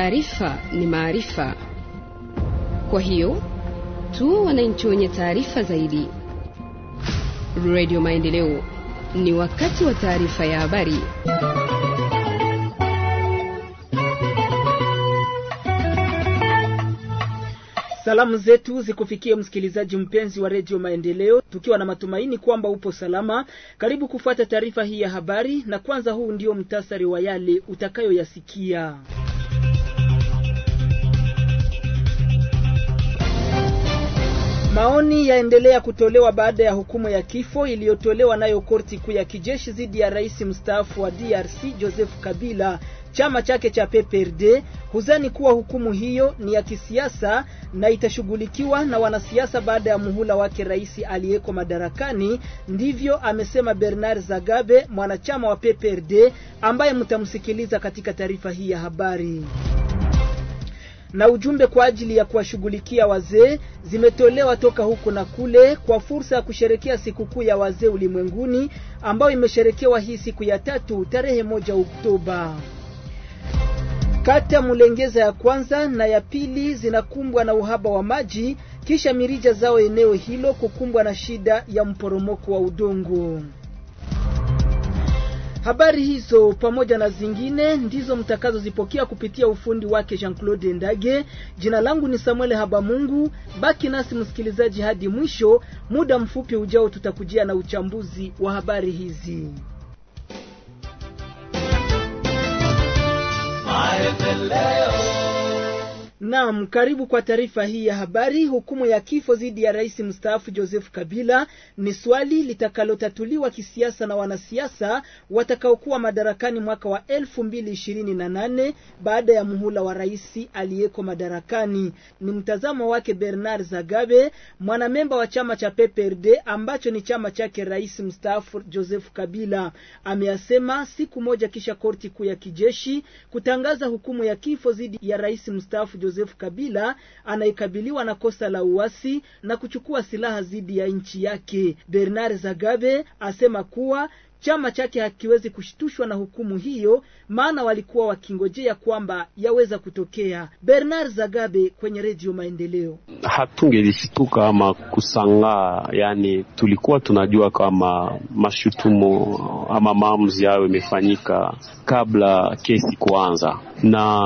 taarifa ni maarifa. Kwa hiyo tu wananchi wenye taarifa zaidi. Radio Maendeleo, ni wakati wa taarifa ya habari. Salamu zetu zikufikie msikilizaji mpenzi wa redio Maendeleo, tukiwa na matumaini kwamba upo salama. Karibu kufuata taarifa hii ya habari, na kwanza huu ndio mtasari wa yale utakayoyasikia. Maoni yaendelea kutolewa baada ya hukumu ya kifo iliyotolewa nayo korti kuu ya kijeshi dhidi ya rais mstaafu wa DRC Joseph Kabila. Chama chake cha PPRD huzani kuwa hukumu hiyo ni ya kisiasa na itashughulikiwa na wanasiasa baada ya muhula wake rais aliyeko madarakani. Ndivyo amesema Bernard Zagabe, mwanachama wa PPRD ambaye mtamsikiliza katika taarifa hii ya habari na ujumbe kwa ajili ya kuwashughulikia wazee zimetolewa toka huko na kule kwa fursa ya kusherekea sikukuu ya wazee ulimwenguni ambayo imesherekewa hii siku ya tatu tarehe moja Oktoba. Kata Mulengeza ya kwanza na ya pili zinakumbwa na uhaba wa maji kisha mirija zao eneo hilo kukumbwa na shida ya mporomoko wa udongo. Habari hizo pamoja na zingine ndizo mtakazozipokea kupitia ufundi wake Jean-Claude Ndage. Jina langu ni Samuel Habamungu. Baki nasi msikilizaji hadi mwisho. Muda mfupi ujao tutakujia na uchambuzi wa habari hizi. Naam, karibu kwa taarifa hii ya habari. Hukumu ya kifo dhidi ya rais mstaafu Joseph Kabila ni swali litakalotatuliwa kisiasa na wanasiasa watakaokuwa madarakani mwaka wa elfu baada ya muhula wa rais aliyeko madarakani. Ni mtazamo wake Bernard Zagabe, mwanamemba wa chama cha PPRD ambacho ni chama chake rais mstaafu Joseph Kabila. Ameyasema siku moja kisha korti kuu ya kijeshi kutangaza hukumu ya kifo dhidi ya rais mstaafu Joseph Kabila anaikabiliwa na kosa la uasi na kuchukua silaha dhidi ya nchi yake. Bernard Zagabe asema kuwa Chama chake hakiwezi kushtushwa na hukumu hiyo, maana walikuwa wakingojea kwamba yaweza kutokea. Bernard Zagabe kwenye Redio Maendeleo. Hatungelishtuka ama kusangaa, yani tulikuwa tunajua kama mashutumo ama maamuzi hayo imefanyika kabla kesi kuanza, na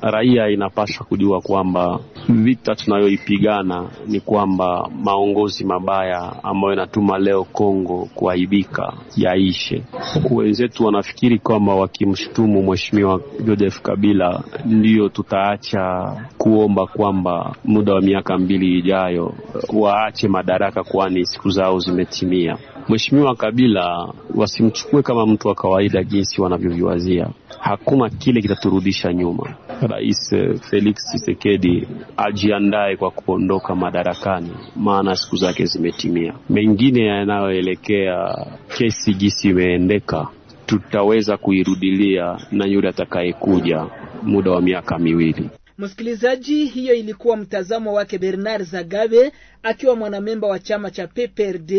raia inapaswa kujua kwamba vita tunayoipigana ni kwamba maongozi mabaya ambayo inatuma leo Kongo kuaibika yaishi wajirekebishe. Huku wenzetu wanafikiri kwamba wakimshutumu mheshimiwa Joseph Kabila ndiyo tutaacha kuomba kwamba muda wa miaka mbili ijayo uh, waache madaraka, kwani siku zao zimetimia. Mheshimiwa Kabila wasimchukue kama mtu wa kawaida jinsi wanavyoviwazia hakuna kile kitaturudisha nyuma. Rais eh, Felix Tshisekedi ajiandae kwa kuondoka madarakani, maana siku zake zimetimia. Mengine yanayoelekea kesi jinsi imeendeka, tutaweza kuirudilia na yule atakayekuja muda wa miaka miwili. Msikilizaji, hiyo ilikuwa mtazamo wake Bernard Zagabe akiwa mwanamemba wa chama cha PPRD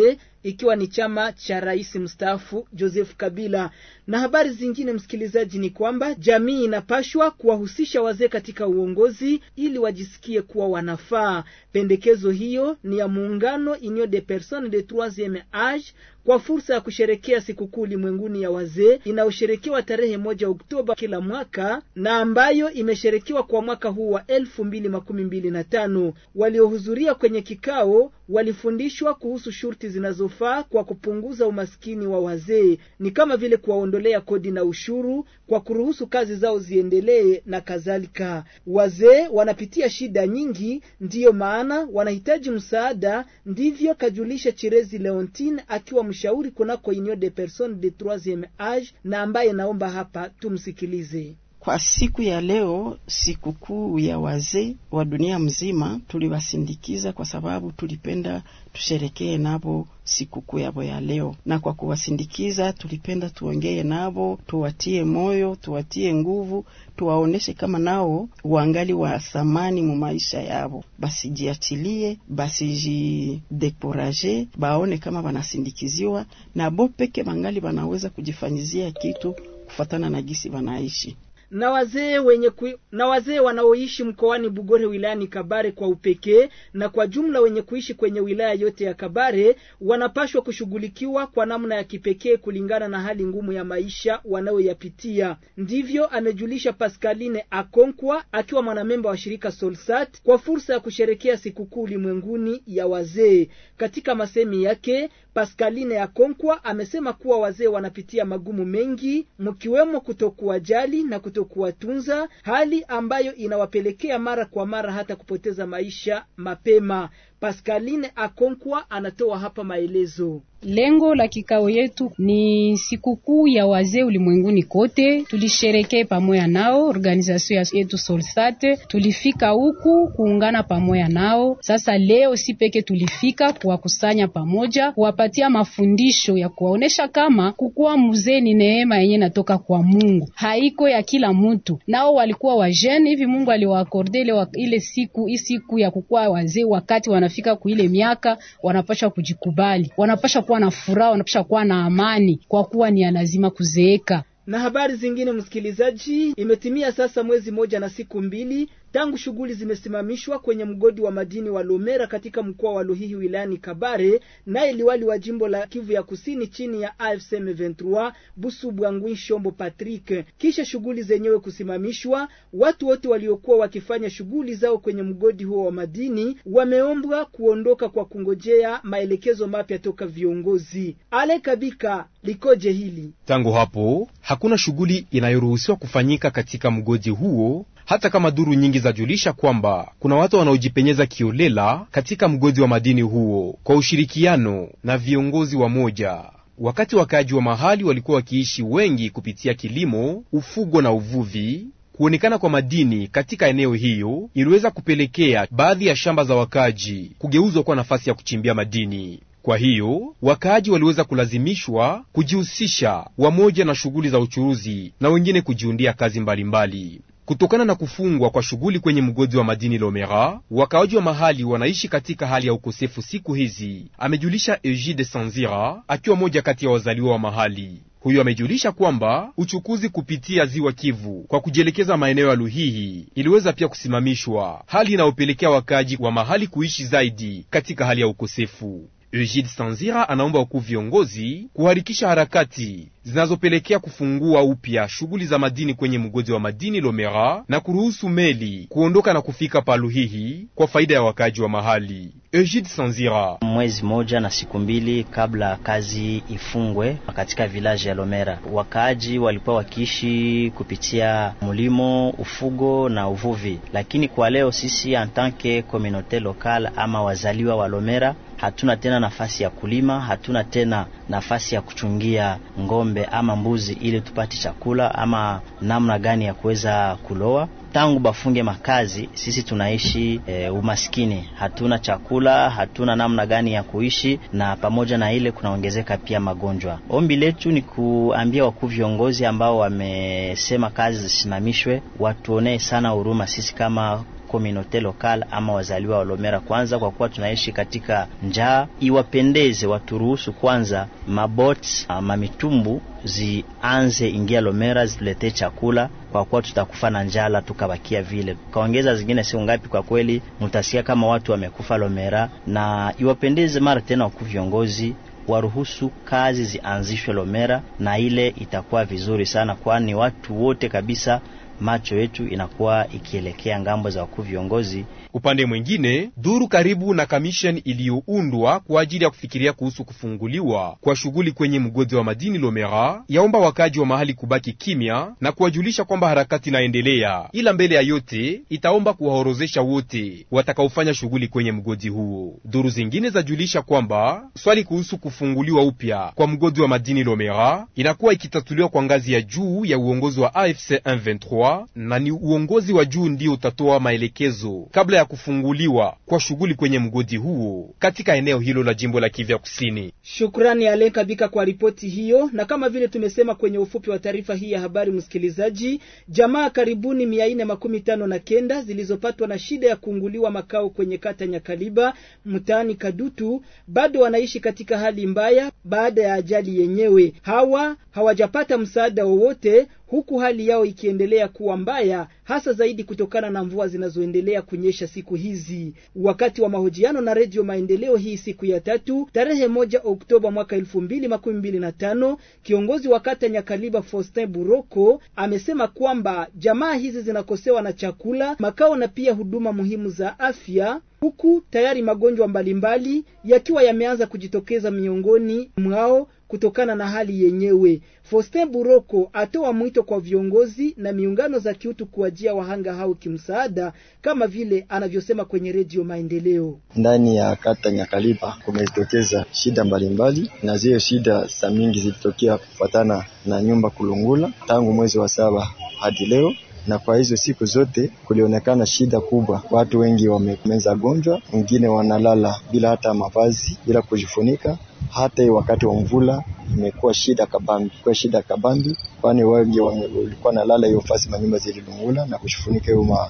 ikiwa ni chama cha rais mstaafu Joseph Kabila. Na habari zingine, msikilizaji, ni kwamba jamii inapashwa kuwahusisha wazee katika uongozi ili wajisikie kuwa wanafaa. Pendekezo hiyo ni ya muungano Union des Personnes de Troisieme Age kwa fursa ya kusherekea sikukuu ulimwenguni ya wazee inayosherekewa tarehe moja Oktoba kila mwaka na ambayo imesherekewa kwa mwaka huu wa elfu mbili makumi mbili na tano waliohudhuria kwenye kikao hao walifundishwa kuhusu shurti zinazofaa kwa kupunguza umaskini wa wazee, ni kama vile kuwaondolea kodi na ushuru, kwa kuruhusu kazi zao ziendelee na kadhalika. Wazee wanapitia shida nyingi, ndiyo maana wanahitaji msaada, ndivyo kajulisha Chirezi Leontine akiwa mshauri kunako Union des Personnes de Troisieme Age, na ambaye naomba hapa tumsikilize. Kwa siku ya leo, sikukuu ya wazee wa dunia mzima, tuliwasindikiza kwa sababu tulipenda tusherekee nabo sikukuu yabo ya leo, na kwa kuwasindikiza tulipenda tuongee nabo, tuwatie moyo, tuwatie nguvu, tuwaoneshe kama nao wangali wa thamani mu maisha yabo, basijiachilie, basijidekoraje, baone kama wanasindikiziwa na bo peke bangali wanaweza kujifanyizia kitu kufatana na gisi wanaishi na wazee wenye kui, na wazee wanaoishi mkoani Bugore wilayani Kabare kwa upekee na kwa jumla wenye kuishi kwenye wilaya yote ya Kabare wanapashwa kushughulikiwa kwa namna ya kipekee kulingana na hali ngumu ya maisha wanayoyapitia. Ndivyo amejulisha Pascaline Akonkwa akiwa mwanamemba wa shirika Solsat kwa fursa ya kusherekea sikukuu ulimwenguni ya wazee. Katika masemi yake Pascaline Akonkwa amesema kuwa wazee wanapitia magumu mengi, mkiwemo kutokuwajali na kutokuwatunza, hali ambayo inawapelekea mara kwa mara hata kupoteza maisha mapema. Pascaline Akonkwa anatoa hapa maelezo. Lengo la kikao yetu ni sikukuu ya wazee ulimwenguni kote, tulisherekee pamoja nao. Organization yetu Solsate tulifika huku kuungana pamoja nao. Sasa leo si peke tulifika kuwakusanya pamoja, kuwapatia mafundisho ya kuwaonesha kama kukuwa mzee ni neema yenye natoka kwa Mungu, haiko ya kila mtu. Nao walikuwa wajeni hivi, Mungu aliwaakorde ile, ile siku isiku ya kukuwa wazee. Wakati wanafika kuile miaka wanapashwa kujikubali, wanapasha kuwa na furaha, wanapisha kuwa na amani, kwa kuwa ni lazima kuzeeka. Na habari zingine, msikilizaji, imetimia sasa mwezi moja na siku mbili Tangu shughuli zimesimamishwa kwenye mgodi wa madini wa Lomera katika mkoa wa Luhihi wilayani Kabare, naye liwali wa jimbo la Kivu ya Kusini chini ya AFC M23 Busubwangwi Shombo Patrick, kisha shughuli zenyewe kusimamishwa, watu wote waliokuwa wakifanya shughuli zao kwenye mgodi huo wa madini wameombwa kuondoka kwa kungojea maelekezo mapya toka viongozi. Ale Kabika likoje hili tangu hapo hakuna shughuli inayoruhusiwa kufanyika katika mgoji huo, hata kama duru nyingi zajulisha kwamba kuna watu wanaojipenyeza kiolela katika mgoji wa madini huo kwa ushirikiano na viongozi wa moja wakati wakaaji wa mahali walikuwa wakiishi wengi kupitia kilimo, ufugo na uvuvi, kuonekana kwa madini katika eneo hiyo iliweza kupelekea baadhi ya shamba za wakaaji kugeuzwa kuwa nafasi ya kuchimbia madini. Kwa hiyo wakaaji waliweza kulazimishwa kujihusisha wamoja na shughuli za uchuruzi na wengine kujiundia kazi mbalimbali mbali. Kutokana na kufungwa kwa shughuli kwenye mgodi wa madini Lomera, wakaaji wa mahali wanaishi katika hali ya ukosefu siku hizi, amejulisha Egide Sanzira akiwa moja kati ya wazaliwa wa mahali. Huyo amejulisha kwamba uchukuzi kupitia ziwa Kivu kwa kujielekeza maeneo ya Luhihi iliweza pia kusimamishwa, hali inayopelekea wakaaji wa mahali kuishi zaidi katika hali ya ukosefu eugide Sanzira anaomba wakuu viongozi kuharikisha harakati zinazopelekea kufungua upya shughuli za madini kwenye mgodi wa madini Lomera na kuruhusu meli kuondoka na kufika Paluhihi kwa faida ya wakaji wa mahali. Egide Sanzira. Mwezi moja na siku mbili kabla kazi ifungwe katika vilaji ya Lomera, wakaaji walikuwa wakiishi kupitia mlimo, ufugo na uvuvi, lakini kwa leo sisi antanke komunote lokal ama wazaliwa wa Lomera hatuna tena nafasi ya kulima, hatuna tena nafasi ya kuchungia ngombe ng'ombe ama mbuzi ili tupate chakula ama namna gani ya kuweza kuloa. Tangu bafunge makazi, sisi tunaishi e, umaskini, hatuna chakula, hatuna namna gani ya kuishi, na pamoja na ile kunaongezeka pia magonjwa. Ombi letu ni kuambia wakuu viongozi ambao wamesema kazi zisimamishwe, watuonee sana huruma sisi kama komunote lokal ama wazaliwa wa Lomera kwanza, kwa kuwa tunaishi katika njaa, iwapendeze waturuhusu kwanza mabot ama ah, mitumbu zianze ingia Lomera zituletee chakula, kwa kuwa tutakufa na njala tukabakia vile. Tukaongeza zingine siku ngapi, kwa kweli mutasikia kama watu wamekufa Lomera, na iwapendeze mara tena wakuu viongozi waruhusu kazi zianzishwe Lomera, na ile itakuwa vizuri sana, kwani watu wote kabisa macho yetu inakuwa ikielekea ngambo za wakuu viongozi. Upande mwingine, duru karibu na kamishen iliyoundwa kwa ajili ya kufikiria kuhusu kufunguliwa kwa shughuli kwenye mgodi wa madini Lomera yaomba wakaji wa mahali kubaki kimya na kuwajulisha kwamba harakati inaendelea, ila mbele ya yote itaomba kuwahorozesha wote watakaofanya shughuli kwenye mgodi huo. Duru zingine zajulisha kwamba swali kuhusu kufunguliwa upya kwa mgodi wa madini Lomera inakuwa ikitatuliwa kwa ngazi ya juu ya uongozi wa AFC M23 kutolewa na ni uongozi wa juu ndio utatoa maelekezo kabla ya kufunguliwa kwa shughuli kwenye mgodi huo katika eneo hilo la jimbo la Kivya Kusini. Shukrani Alen Kabika kwa ripoti hiyo, na kama vile tumesema kwenye ufupi wa taarifa hii ya habari, msikilizaji, jamaa karibuni mia nne makumi tano na kenda zilizopatwa na shida ya kuunguliwa makao kwenye kata Nyakaliba mtaani Kadutu bado wanaishi katika hali mbaya baada ya ajali yenyewe. Hawa hawajapata msaada wowote, huku hali yao ikiendelea kuwa mbaya hasa zaidi kutokana na mvua zinazoendelea kunyesha siku hizi. Wakati wa mahojiano na Redio Maendeleo hii siku ya tatu tarehe moja Oktoba mwaka elfu mbili makumi mbili na tano kiongozi wa kata Nyakaliba Faustin Buroko amesema kwamba jamaa hizi zinakosewa na chakula, makao na pia huduma muhimu za afya huku tayari magonjwa mbalimbali yakiwa yameanza kujitokeza miongoni mwao kutokana na hali yenyewe. Faustin Buroko atoa mwito kwa viongozi na miungano za kiutu kwa kuwasaidia wahanga hao kimsaada, kama vile anavyosema kwenye Redio Maendeleo. Ndani ya kata Nyakalipa kumetokeza shida mbalimbali, na zile shida za mingi zilitokea kufuatana na nyumba kulungula tangu mwezi wa saba hadi leo na kwa hizo siku zote kulionekana shida kubwa, watu wengi wamemeza gonjwa, wengine wanalala bila hata mavazi, bila kujifunika, hata wakati wa mvula imekuwa shida kabambi, kwa shida kabambi, kwani wengi walikuwa nalala hiyo fasi, manyumba zililungula na kushifunika hiyo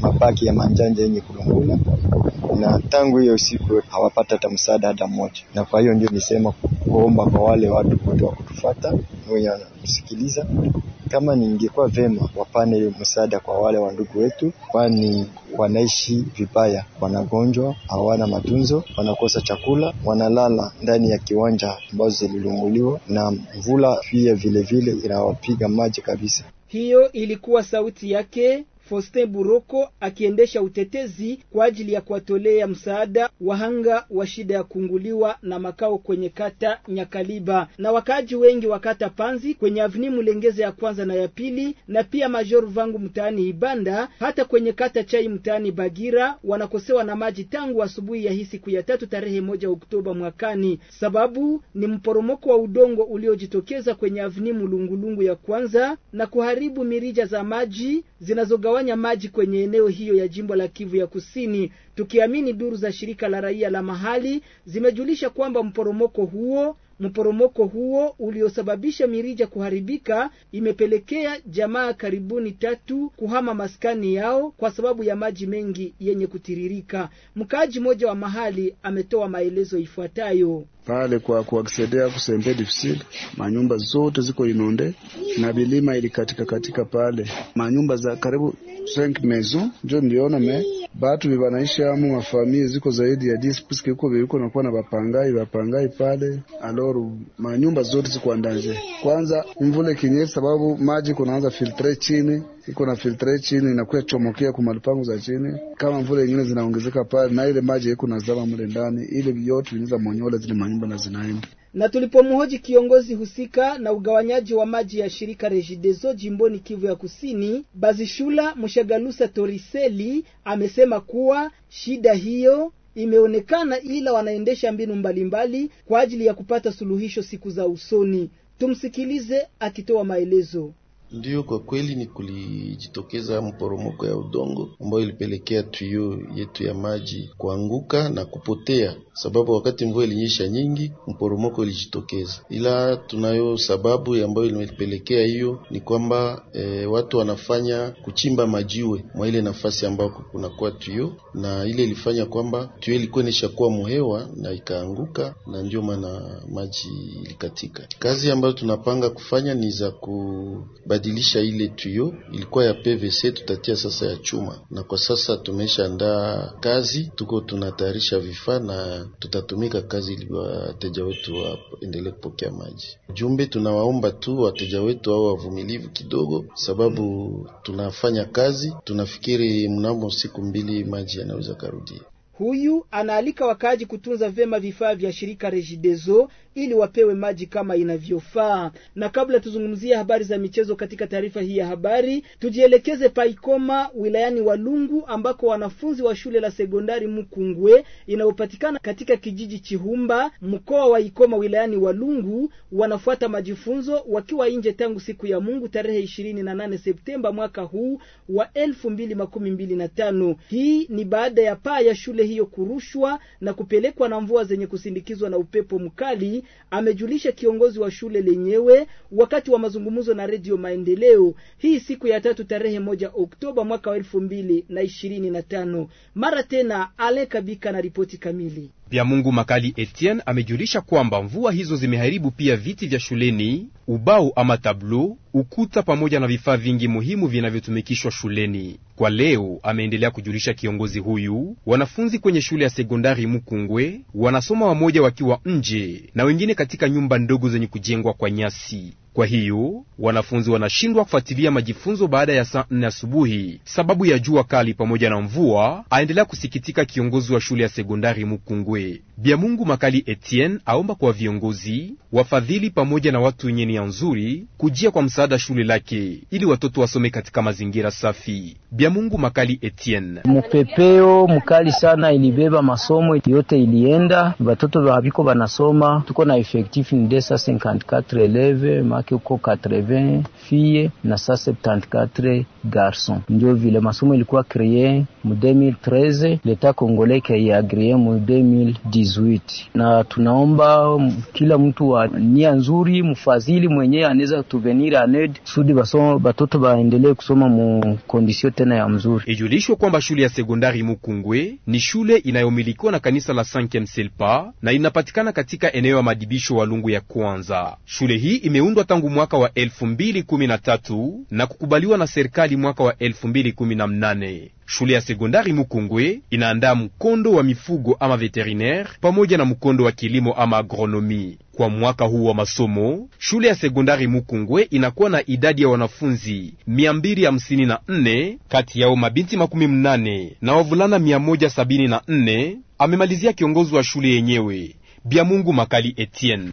mabaki ya manjanja yenye kulungula, na tangu hiyo siku hawapata hata msaada hata mmoja, na kwa hiyo ndio nisema kuomba kwa wale watu wote wa kutufuata wenye wanasikiliza, kama ningekuwa vema wapane msaada kwa wale wandugu wetu, kwani wanaishi vibaya, wanagonjwa, hawana matunzo, wanakosa chakula, wanalala ndani ya kiwanja ambazo zililunguliwa na mvula, pia vilevile inawapiga maji kabisa. Hiyo ilikuwa sauti yake Faustin Buroko akiendesha utetezi kwa ajili ya kuwatolea msaada wahanga wa shida ya kuunguliwa na makao kwenye kata Nyakaliba na wakaaji wengi wa kata Panzi kwenye avni Mulengeze ya kwanza na ya pili, na pia Major Vangu mtaani Ibanda, hata kwenye kata Chai mtaani Bagira wanakosewa na maji tangu asubuhi ya hii siku ya tatu tarehe moja Oktoba mwakani. Sababu ni mporomoko wa udongo uliojitokeza kwenye avni Mulungulungu ya kwanza na kuharibu mirija za maji zinazogawa kugawanya maji kwenye eneo hiyo ya jimbo la Kivu ya Kusini. Tukiamini duru za shirika la raia la mahali zimejulisha kwamba mporomoko huo Mporomoko huo uliosababisha mirija kuharibika imepelekea jamaa karibuni tatu kuhama maskani yao kwa sababu ya maji mengi yenye kutiririka. Mkaaji mmoja wa mahali ametoa maelezo ifuatayo. Pale kwa kuaksedea kusembe difisili manyumba zote ziko inonde na bilima ilikatika katika pale manyumba za karibu 5 maison ndio niliona me batu bibanaisha amu mafamie ziko zaidi ya disi puisque biko na nakuwa na bapangai bapangai pale aloru manyumba zote ziko ndanje. Kwanza mvule kinye sababu maji kunaanza filtre chini iko na filtre chini na inakuwa chomokea kumali pangu za chini, kama mvule nyingine zinaongezeka pale, na ile maji iko nazama mle ndani, ile yote inaweza monyola zile manyumba na zinaenda na tulipomhoji kiongozi husika na ugawanyaji wa maji ya shirika Regideso jimboni Kivu ya Kusini, Bazishula mshagalusa Toriseli amesema kuwa shida hiyo imeonekana, ila wanaendesha mbinu mbalimbali kwa ajili ya kupata suluhisho siku za usoni. Tumsikilize akitoa maelezo. Ndiyo, kwa kweli ni kulijitokeza mporomoko ya udongo ambayo ilipelekea tuyo yetu ya maji kuanguka na kupotea, sababu wakati mvua ilinyesha nyingi mporomoko ilijitokeza. Ila tunayo sababu ambayo ilipelekea hiyo ni kwamba e, watu wanafanya kuchimba majiwe mwa ile nafasi ambayo kunakuwa tuyo, na ile ilifanya kwamba tuyo ilikuwa inishakuwa muhewa na ikaanguka, na ndio maana maji ilikatika. Kazi ambayo tunapanga kufanya ni za ku tutabadilisha ile tuyo ilikuwa ya PVC, tutatia sasa ya chuma, na kwa sasa tumeshaandaa kazi, tuko tunatayarisha vifaa na tutatumika kazi ili wateja wetu waendelee kupokea maji. Jumbe tunawaomba tu wateja wetu au wavumilivu kidogo, sababu tunafanya kazi, tunafikiri mnamo siku mbili maji yanaweza karudia. Huyu anaalika wakaaji kutunza vyema vifaa vya shirika Regideso ili wapewe maji kama inavyofaa. Na kabla tuzungumzie habari za michezo katika taarifa hii ya habari, tujielekeze Paikoma wilayani Walungu ambako wanafunzi wa shule la sekondari Mkungwe inayopatikana katika kijiji Chihumba mkoa wa Ikoma wilayani Walungu wanafuata majifunzo wakiwa nje tangu siku ya Mungu tarehe 28 Septemba mwaka huu wa 2025. Hii ni baada ya paa ya shule hiyo kurushwa na kupelekwa na mvua zenye kusindikizwa na upepo mkali, amejulisha kiongozi wa shule lenyewe wakati wa mazungumzo na Redio Maendeleo hii siku ya tatu tarehe moja Oktoba mwaka wa elfu mbili na ishirini na tano. Mara tena, Alekabika na ripoti kamili. Pia Mungu Makali Etienne amejulisha kwamba mvua hizo zimeharibu pia viti vya shuleni, ubao ama tablo, ukuta pamoja na vifaa vingi muhimu vinavyotumikishwa shuleni. Kwa leo, ameendelea kujulisha kiongozi huyu, wanafunzi kwenye shule ya sekondari Mukungwe wanasoma wamoja wakiwa nje na wengine katika nyumba ndogo zenye kujengwa kwa nyasi. Kwa hiyo wanafunzi wanashindwa kufuatilia majifunzo baada ya saa nne asubuhi sababu ya jua kali pamoja na mvua, aendelea kusikitika kiongozi wa shule ya sekondari Mukungwe. Mungu Makali Etienne aomba kwa viongozi wafadhili pamoja na watu wenye nia nzuri kujia kwa msaada shule lake ili watoto wasome katika mazingira safi. Mungu Makali Etienne: mupepeo mkali sana ilibeba masomo yote, ilienda batoto babiko vanasoma, tuko na effectif 254 eleve wake uko 80 fille na saa 74 garson. Ndio vile masomo ilikuwa kree mu 2013 leta ya agree mu 2018, na tunaomba kila mtu wa nia nzuri, mfadhili mwenyewe anaweza tuvenir aned sudi basomo batoto baendelee kusoma mu kondisio tena ya mzuri. Ijulishwe kwamba shule ya sekondari Mukungwe ni shule inayomilikiwa na kanisa la 5 Selpa na inapatikana katika eneo ya madibisho wa lungu ya kwanza. Shule hii imeundwa tangu mwaka wa 2013 na kukubaliwa na serikali mwaka wa 2018. Shule ya sekondari Mukungwe inaandaa mkondo wa mifugo ama veterinaire pamoja na mkondo wa kilimo ama agronomi. Kwa mwaka huu wa masomo, shule ya sekondari Mukungwe inakuwa na idadi ya wanafunzi 254, kati yao mabinti makumi mnane na wavulana 174, amemalizia kiongozi wa shule yenyewe mungu Makali Etienne.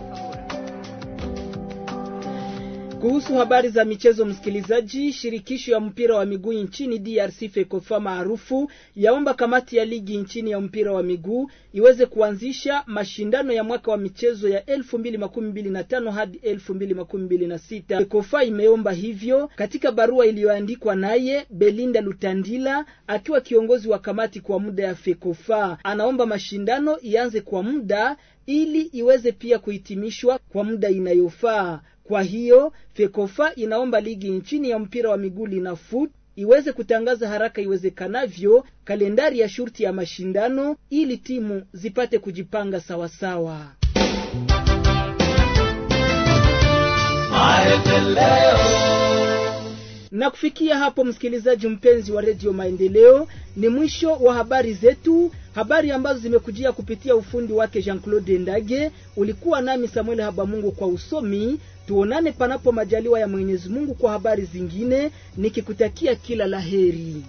Kuhusu habari za michezo, msikilizaji, shirikisho ya mpira wa miguu nchini DRC FEKOFA maarufu yaomba kamati ya ligi nchini ya mpira wa miguu iweze kuanzisha mashindano ya mwaka wa michezo ya 2025 hadi 2026. FEKOFA imeomba hivyo katika barua iliyoandikwa naye Belinda Lutandila akiwa kiongozi wa kamati kwa muda ya FEKOFA. Anaomba mashindano ianze kwa muda ili iweze pia kuhitimishwa kwa muda inayofaa. Kwa hiyo FEKOFA inaomba ligi nchini ya mpira wa miguu Linafoot iweze kutangaza haraka iwezekanavyo kalendari ya shurti ya mashindano ili timu zipate kujipanga sawasawa. Na kufikia hapo, msikilizaji mpenzi wa redio Maendeleo, ni mwisho wa habari zetu, habari ambazo zimekujia kupitia ufundi wake Jean-Claude Ndage. Ulikuwa nami Samuel Habamungu kwa usomi tuonane panapo majaliwa ya Mwenyezi Mungu kwa habari zingine, nikikutakia kila laheri.